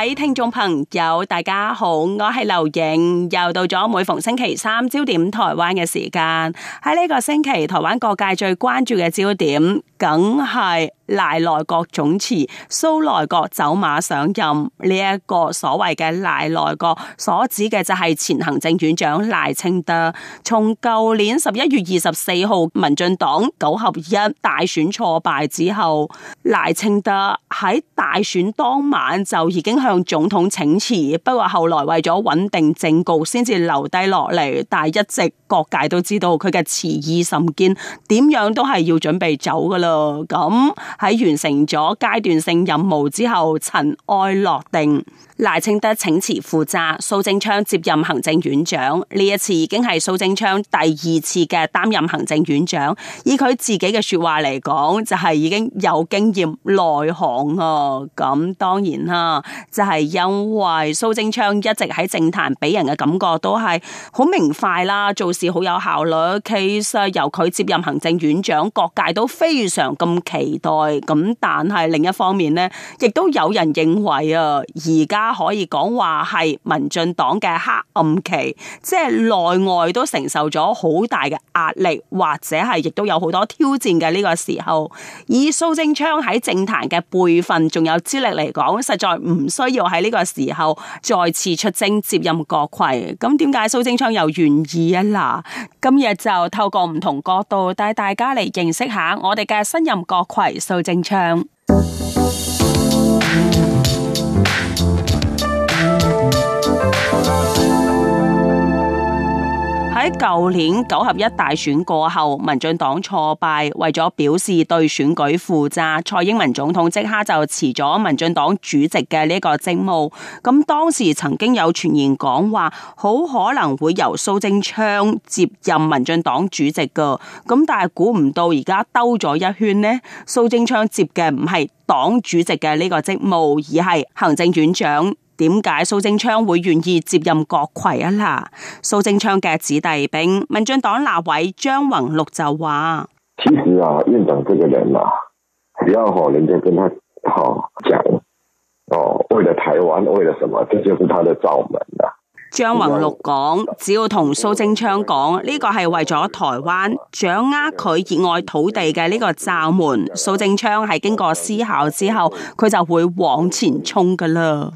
各位聽眾朋友，大家好，我係劉穎，又到咗每逢星期三焦點台灣嘅時間，喺呢個星期台灣各界最關注嘅焦點。梗係賴內閣總辭，蘇內閣走馬上任。呢一個所謂嘅賴內閣，所指嘅就係前行政院長賴清德。從舊年十一月二十四號民進黨九合一大選挫敗之後，賴清德喺大選當晚就已經向總統請辭，不過後來為咗穩定政局，先至留低落嚟。但係一直各界都知道佢嘅辭意甚堅，點樣都係要準備走噶啦。咁喺、嗯、完成咗階段性任務之後，塵埃落定，賴清德請辭負責，蘇貞昌接任行政院長。呢一次已經係蘇貞昌第二次嘅擔任行政院長。以佢自己嘅說話嚟講，就係、是、已經有經驗、內行啊。咁、嗯、當然啦，就係、是、因為蘇貞昌一直喺政壇，俾人嘅感覺都係好明快啦，做事好有效率。其實由佢接任行政院長，各界都非常常咁期待，咁但係另一方面咧，亦都有人認為啊，而家可以講話係民進黨嘅黑暗期，即係內外都承受咗好大嘅壓力，或者係亦都有好多挑戰嘅呢個時候。以蘇貞昌喺政壇嘅輩分，仲有資歷嚟講，實在唔需要喺呢個時候再次出征接任閣揆。咁點解蘇貞昌又願意啊？嗱，今日就透過唔同角度帶大家嚟認識下我哋嘅。新任閣揆蘇貞昌。喺舊年九合一大選過後，民進黨挫敗，為咗表示對選舉負責，蔡英文總統即刻就辭咗民進黨主席嘅呢個職務。咁當時曾經有傳言講話，好可能會由蘇貞昌接任民進黨主席㗎。咁但係估唔到而家兜咗一圈呢，蘇貞昌接嘅唔係黨主席嘅呢個職務，而係行政院長。點解蘇貞昌會願意接任閣揆啊？啦，蘇貞昌嘅子弟兵、民進黨立委張宏陸就話，其實啊，院長這個人啊，只要嗬，人家跟他，嗬講，哦，為了台灣，為了什麼？這就是他的罩門啦，啊。張宏陸講，只要同蘇貞昌講呢個係為咗台灣，掌握佢熱愛土地嘅呢個罩門，蘇貞昌係經過思考之後，佢就會往前衝噶啦。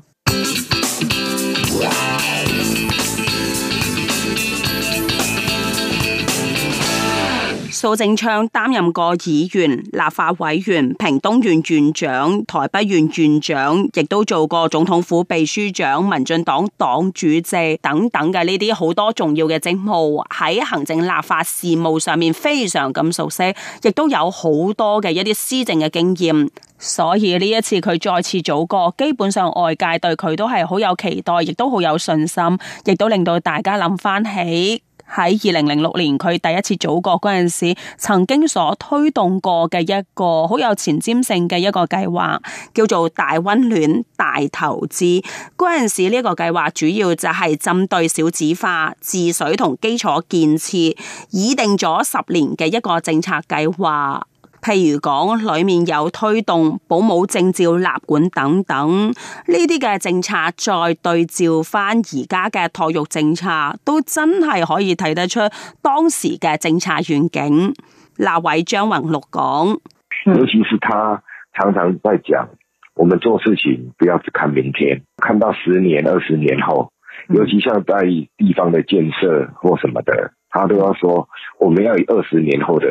蘇貞昌擔任過議員、立法委員、屏東縣縣長、台北縣縣長，亦都做過總統府秘書長、民進黨黨主席等等嘅呢啲好多重要嘅職務，喺行政、立法事務上面非常咁熟悉，亦都有好多嘅一啲施政嘅經驗。所以呢一次佢再次組閣，基本上外界對佢都係好有期待，亦都好有信心，亦都令到大家諗翻起喺二零零六年佢第一次組閣嗰陣時，曾經所推動過嘅一個好有前瞻性嘅一個計劃，叫做大溫暖大投資。嗰陣時呢個計劃主要就係針對少子化、治水同基礎建設，擬定咗十年嘅一個政策計劃。譬如講，裏面有推動保姆證照立管等等呢啲嘅政策，再對照翻而家嘅托育政策，都真係可以睇得出當時嘅政策遠景。那位張宏陸講，尤其是他常常在講，我們做事情不要只看明天，看到十年、二十年後，尤其像在地方嘅建設或什麼的，他都要說，我們要以二十年後的。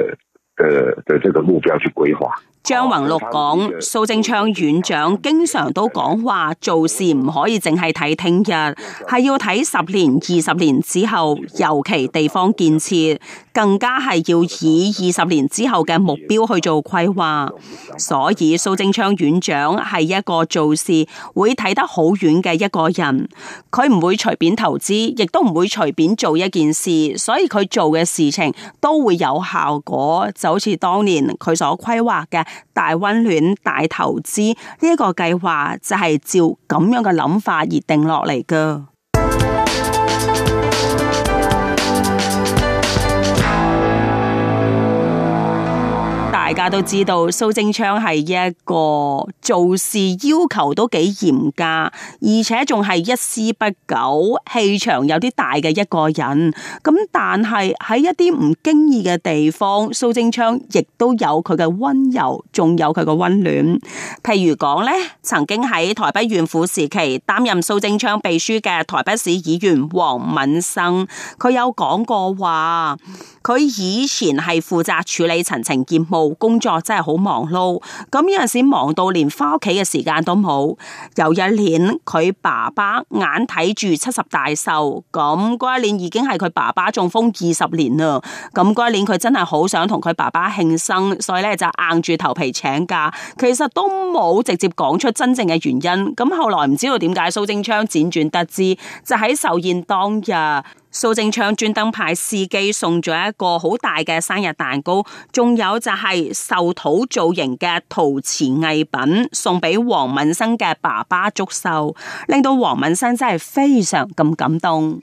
的的這個目標去規劃。張宏陸講，蘇貞昌院長經常都講話，做事唔可以淨係睇聽日，係要睇十年、二十年之後，尤其地方建設，更加係要以二十年之後嘅目標去做規劃。所以蘇貞昌院長係一個做事會睇得好遠嘅一個人，佢唔會隨便投資，亦都唔會隨便做一件事，所以佢做嘅事情都會有效果。就好似當年佢所規劃嘅。大溫暖、大投資呢一個計劃就係照咁樣嘅諗法而定落嚟噶。大家都知道蘇貞昌係一個做事要求都幾嚴格，而且仲係一絲不苟，氣場有啲大嘅一個人。咁但係喺一啲唔經意嘅地方，蘇貞昌亦都有佢嘅溫柔，仲有佢嘅溫暖。譬如講咧，曾經喺台北縣府時期擔任蘇貞昌秘書嘅台北市議員王閔生，佢有講過話，佢以前係負責處理陳情業務。工作真係好忙碌，咁有陣時忙到連翻屋企嘅時間都冇。有一年，佢爸爸眼睇住七十大壽，咁嗰一年已經係佢爸爸中風二十年啦。咁嗰一年佢真係好想同佢爸爸慶生，所以咧就硬住頭皮請假，其實都冇直接講出真正嘅原因。咁後來唔知道點解蘇貞昌輾轉得知，就喺壽宴當日。蘇貞昌專登派司機送咗一個好大嘅生日蛋糕，仲有就係壽桃造型嘅陶瓷藝品送俾黃敏生嘅爸爸祝壽，令到黃敏生真係非常咁感動。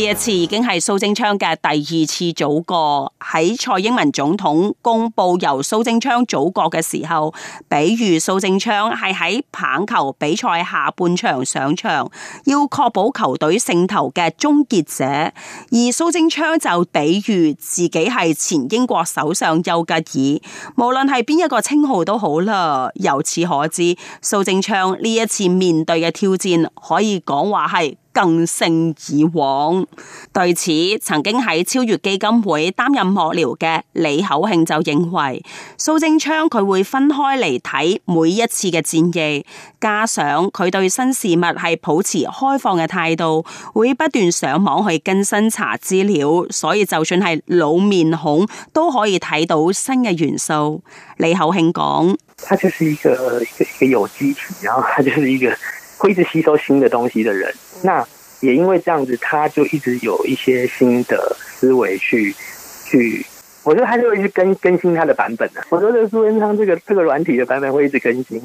呢一次已經係蘇貞昌嘅第二次組閣，喺蔡英文總統公佈由蘇貞昌組閣嘅時候，比喻蘇貞昌係喺棒球比賽下半場上場，要確保球隊勝投嘅終結者。而蘇貞昌就比喻自己係前英國首相丘吉爾，無論係邊一個稱號都好啦。由此可知，蘇貞昌呢一次面對嘅挑戰，可以講話係。更勝以往。對此，曾經喺超越基金會擔任幕僚嘅李厚慶就認為，蘇貞昌佢會分開嚟睇每一次嘅戰役，加上佢對新事物係保持開放嘅態度，會不斷上網去更新查資料，所以就算係老面孔都可以睇到新嘅元素。李厚慶講：他就是一個一個有機體，然後他就是一個會一直吸收新的東西的人。那也因為這樣子，他就一直有一些新的思維去去，我覺得他就會一直更更新他的版本啦、啊。我覺得蘇貞昌這個這個軟、這個、體的版本會一直更新。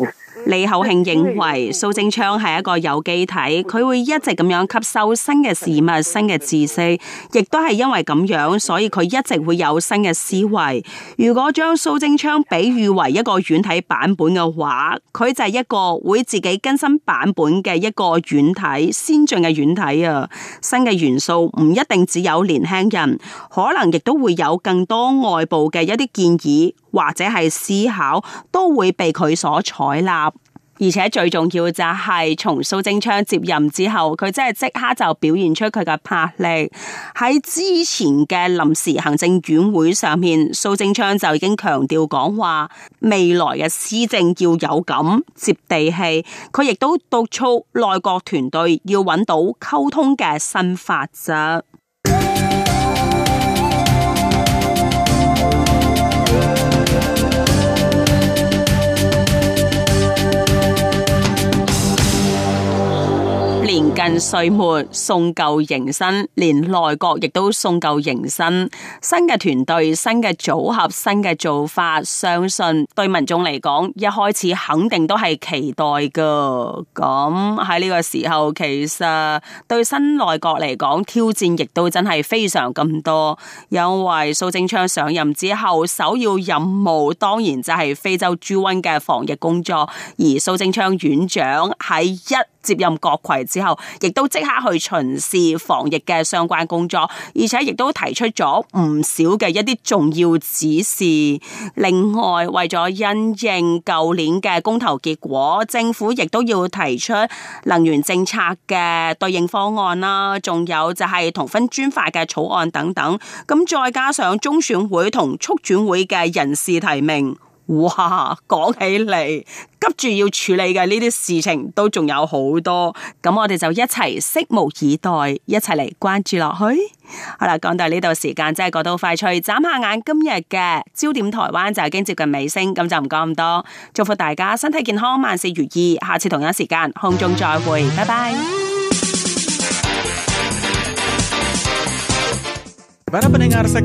李厚慶認為蘇貞昌係一個有機體，佢會一直咁樣吸收新嘅事物、新嘅知識，亦都係因為咁樣，所以佢一直會有新嘅思維。如果將蘇貞昌比喻為一個軟體版本嘅話，佢就係一個會自己更新版本嘅一個軟體，先進嘅軟體啊！新嘅元素唔一定只有年輕人，可能亦都會有更多外部嘅一啲建議。或者係思考，都會被佢所採納。而且最重要就係，從蘇貞昌接任之後，佢真係即刻就表現出佢嘅魄力。喺之前嘅臨時行政院會上面，蘇貞昌就已經強調講話，未來嘅施政要有咁接地氣。佢亦都督促內閣團隊要揾到溝通嘅新法則。歲末，送舊迎新，連內閣亦都送舊迎新。新嘅團隊，新嘅組合，新嘅做法，相信對民眾嚟講，一開始肯定都係期待噶。咁喺呢個時候，其實對新內閣嚟講，挑戰亦都真係非常咁多。因為蘇貞昌上任之後，首要任務當然就係非洲豬瘟嘅防疫工作，而蘇貞昌院長喺一。接任閣揆之後，亦都即刻去巡視防疫嘅相關工作，而且亦都提出咗唔少嘅一啲重要指示。另外，為咗因應舊年嘅公投結果，政府亦都要提出能源政策嘅對應方案啦，仲有就係同分專法嘅草案等等。咁再加上中選會同促轉會嘅人事提名。哇，講起嚟，急住要處理嘅呢啲事情都仲有好多，咁我哋就一齊拭目以待，一齊嚟關注落去。好啦，講到呢度時間真係過到快脆，眨下眼今日嘅焦點台灣就係已經接近尾聲，咁就唔講咁多。祝福大家身體健康，萬事如意。下次同樣時間空中再會，拜拜。不如我哋講下。